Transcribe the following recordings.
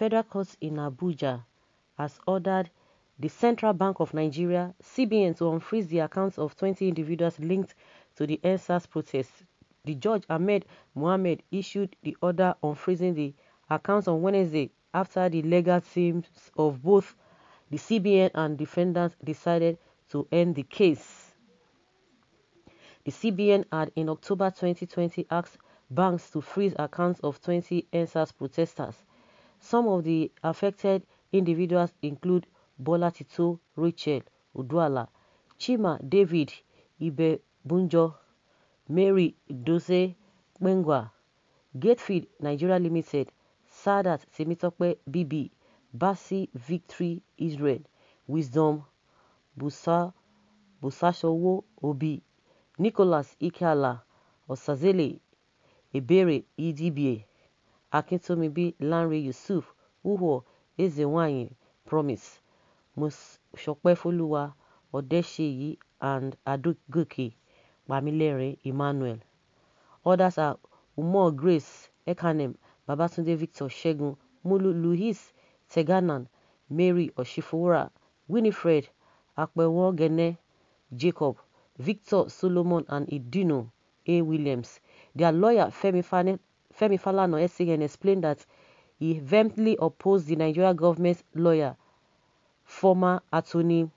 federal court in Abuja has ordered the Central Bank of Nigeria (CBN) to unfreeze the accounts of 20 individuals linked to the Ensa's protests. The judge, Ahmed Mohamed, issued the order unfreezing the accounts on Wednesday after the legal teams of both the CBN and defendants decided to end the case. The CBN had in October 2020 asked banks to freeze accounts of 20 NSAS protesters some of the affected individuals include Bola Tito Rachel Udwala, Chima David Bunjo, Mary Dose Pengua, Gatefield Nigeria Limited, Sadat Semitokwe BB, Basi Victory Israel, Wisdom Busa Busashowo Obi, Nicholas Ikala, Osazele Ebere EDBA. akintomibi Lanre yusuf uwuor ezenwáyé promise mosọpẹ́fọ́lúwà ọ̀dẹ́ṣẹ́yí and adógòkè pamilẹ́rìn emmanuel others are umar grace ekanem babatunde victor Segun, mulu louis teganan mary ọ̀ṣífowóra winifred apẹ̀wọ̀gẹ̀nẹ jacob victor solomon and idunu a williams their lawyer femi fani Femi Falana on SCN explained that he vehemently opposed the Nigeria government's lawyer, former Attorney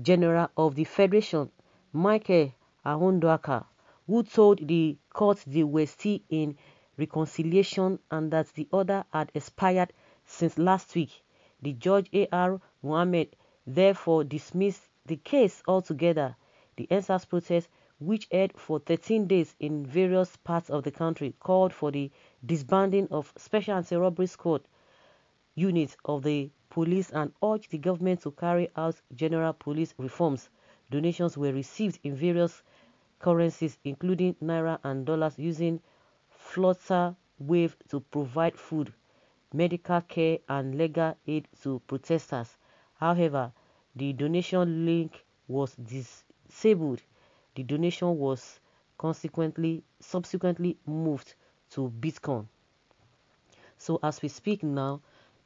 General of the Federation, Michael Ahunduaka, who told the court they were still in reconciliation and that the order had expired since last week. The judge A.R. Mohammed therefore dismissed the case altogether. The NSAS protest which aired for 13 days in various parts of the country, called for the disbanding of Special Anti-Robbery Squad units of the police and urged the government to carry out general police reforms. Donations were received in various currencies, including naira and dollars, using flutter wave to provide food, medical care, and legal aid to protesters. However, the donation link was disabled the donation was consequently subsequently moved to Bitcoin. So as we speak now,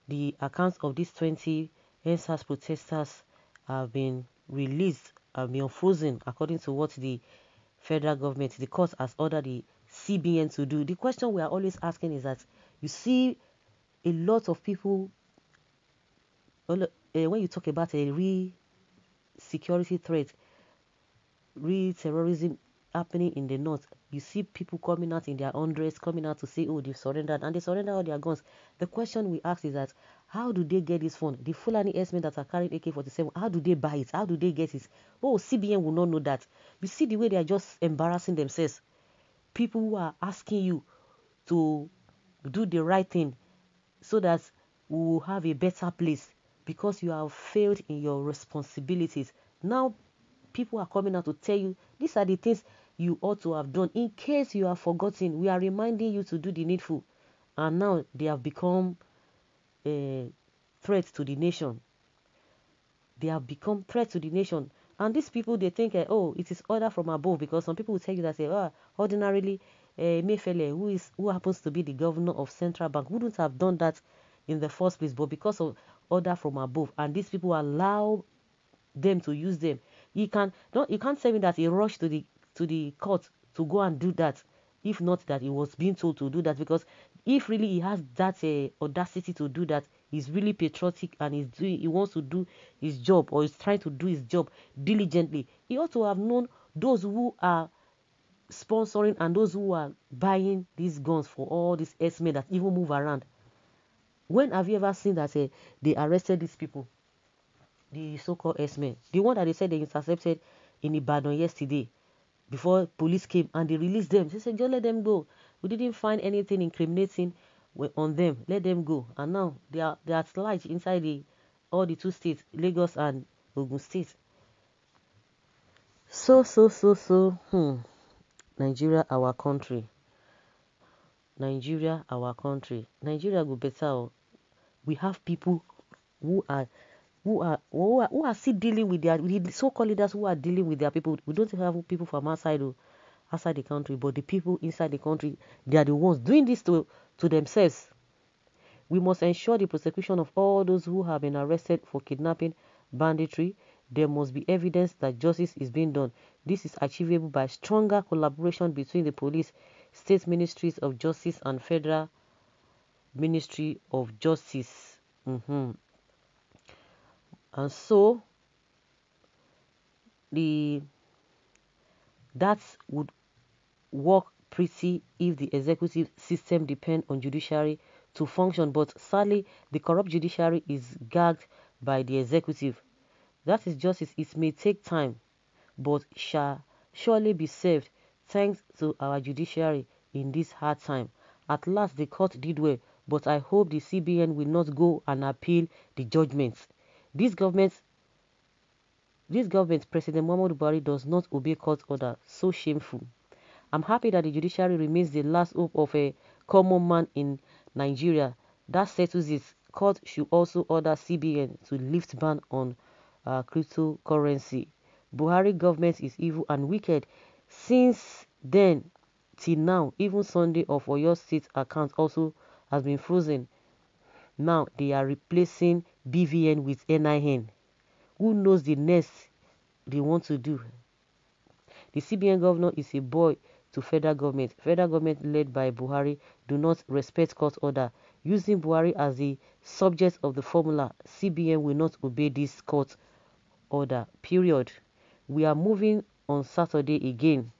the accounts of these 20 NSAS protesters have been released, have been frozen according to what the federal government, the court has ordered the CBN to do. The question we are always asking is that you see a lot of people eh, when you talk about a real security threat, real terrorism happening in the north. You see people coming out in their undress, coming out to say, oh, they've surrendered, and they surrender all their guns. The question we ask is that how do they get this phone? The Fulani S-men that are carrying AK-47, how do they buy it? How do they get it? Oh, CBN will not know that. You see the way they are just embarrassing themselves. People who are asking you to do the right thing so that we will have a better place because you have failed in your responsibilities. Now people are coming out to tell you these are the things you ought to have done. In case you have forgotten, we are reminding you to do the needful. And now they have become a eh, threat to the nation. They have become threat to the nation. And these people, they think, uh, oh, it is order from above. Because some people will tell you that, say, oh, eh, ah, ordinarily, uh, Mayfele, who is who happens to be the governor of central bank, wouldn't have done that in the first place. But because of order from above, and these people allow them to use them, you can don't you can't say me that he rushed to the to the court to go and do that. If not that he was being told to do that, because if really he has that uh, audacity to do that, he's really patriotic and he's doing he wants to do his job or he's trying to do his job diligently. He ought to have known those who are sponsoring and those who are buying these guns for all these S men that even move around. When have you ever seen that uh, they arrested these people? the so-called S-men, the one that they said they intercepted in Ibadan yesterday, before police came and they released them. They said, just let them go. We didn't find anything incriminating on them. Let them go. And now they are they are at large inside the all the two states, Lagos and Ogun State. So so so so hmm. Nigeria our country. Nigeria our country. Nigeria go better. Oh. We have people who are who are who are, who are still dealing with their so-called leaders who are dealing with their people. We don't have people from outside oh, outside the country, but the people inside the country they are the ones doing this to to themselves. We must ensure the prosecution of all those who have been arrested for kidnapping, banditry. There must be evidence that justice is being done. This is achievable by stronger collaboration between the police, state ministries of justice, and federal ministry of justice. Mm-hmm. And so the that would work pretty if the executive system depend on judiciary to function, but sadly the corrupt judiciary is gagged by the executive. That is justice. It may take time, but shall surely be saved thanks to our judiciary in this hard time. At last the court did well, but I hope the CBN will not go and appeal the judgments. This government, this government, President Muhammadu Buhari does not obey court order. So shameful. I'm happy that the judiciary remains the last hope of a common man in Nigeria. That settles it. Court should also order CBN to lift ban on uh, cryptocurrency. Buhari government is evil and wicked. Since then till now, even Sunday of Oyo State account also has been frozen. Now they are replacing BVN with NIN. Who knows the next they want to do? The CBN governor is a boy to federal government. Federal government led by Buhari do not respect court order. Using Buhari as the subject of the formula, CBN will not obey this court order. Period. We are moving on Saturday again.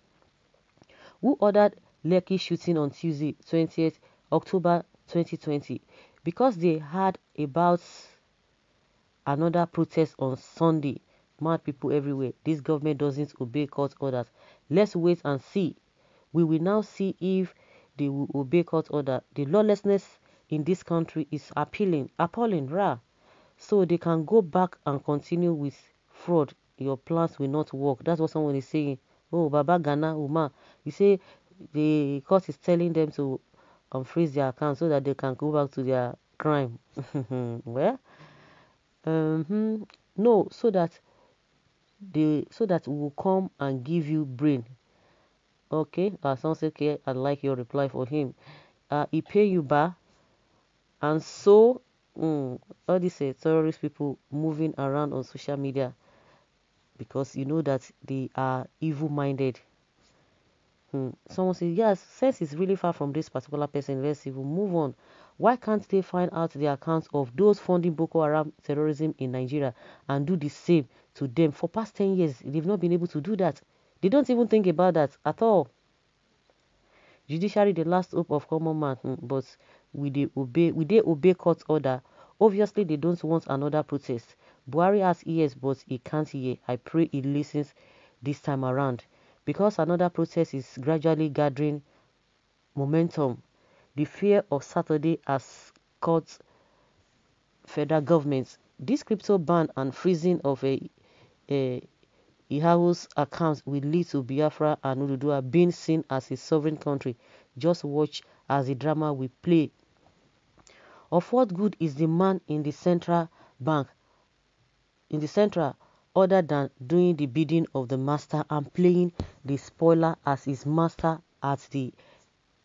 Who ordered Lekki shooting on Tuesday, 20th October 2020? because they heard about another protest on Sunday. Mad people everywhere. This government doesn't obey court orders. Let's wait and see. We will now see if they will obey court order. The lawlessness in this country is appealing, appalling, rah. So they can go back and continue with fraud. Your plans will not work. That's what someone is saying. Oh, Baba Ghana, Uma. You say the court is telling them to Unfreeze their account so that they can go back to their crime. well, um, no, so that they so that we will come and give you brain. Okay, our son said, okay, i like your reply for him. Uh, he pay you back, and so mm, all these uh, terrorist people moving around on social media because you know that they are evil minded Hmm. Someone says, yes, since it's really far from this particular person, let's we move on. Why can't they find out the accounts of those funding Boko Haram terrorism in Nigeria and do the same to them? For past 10 years, they've not been able to do that. They don't even think about that at all. Judiciary, the last hope of common man, hmm, but will they obey, will they obey court order? Obviously, they don't want another protest. Buhari has ears, but he can't hear. I pray he listens this time around. Because another protest is gradually gathering momentum, the fear of Saturday has caught federal governments. This crypto ban and freezing of a, a Yahoo's accounts will lead to Biafra and Ududua being seen as a sovereign country. Just watch as the drama will play. Of what good is the man in the central bank, in the central other than doing the bidding of the master and playing the spoiler as his master at the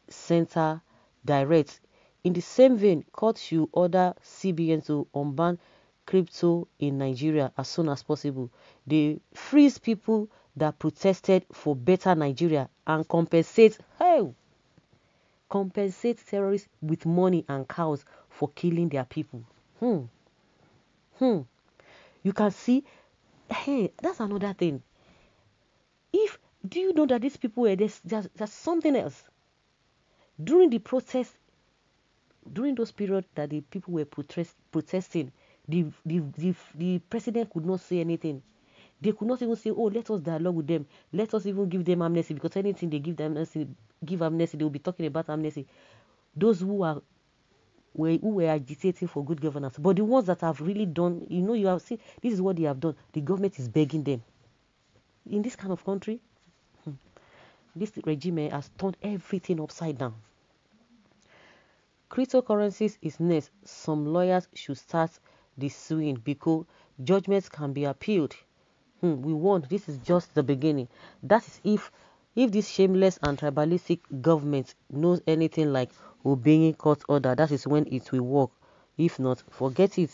center directs. In the same vein, courts should order CBN to unban crypto in Nigeria as soon as possible. They freeze people that protested for better Nigeria and compensate hey, compensate terrorists with money and cows for killing their people. Hmm. Hmm. You can see hey, that's another thing. If do you know that these people were there's, there's, there's something else during the protest, during those periods that the people were protest, protesting, the, the, the, the president could not say anything. They could not even say, "Oh, let us dialogue with them. Let us even give them amnesty," because anything they give them amnesty, give amnesty, they will be talking about amnesty. Those who are were, who were agitating for good governance. But the ones that have really done, you know, you have seen, this is what they have done. The government is begging them. In this kind of country, hmm, this regime eh, has turned everything upside down. Cryptocurrencies is next. Some lawyers should start the suing because judgments can be appealed. Hmm, we want this is just the beginning. That is if if this shameless and tribalistic government knows anything like obeying court order. That is when it will work. If not, forget it.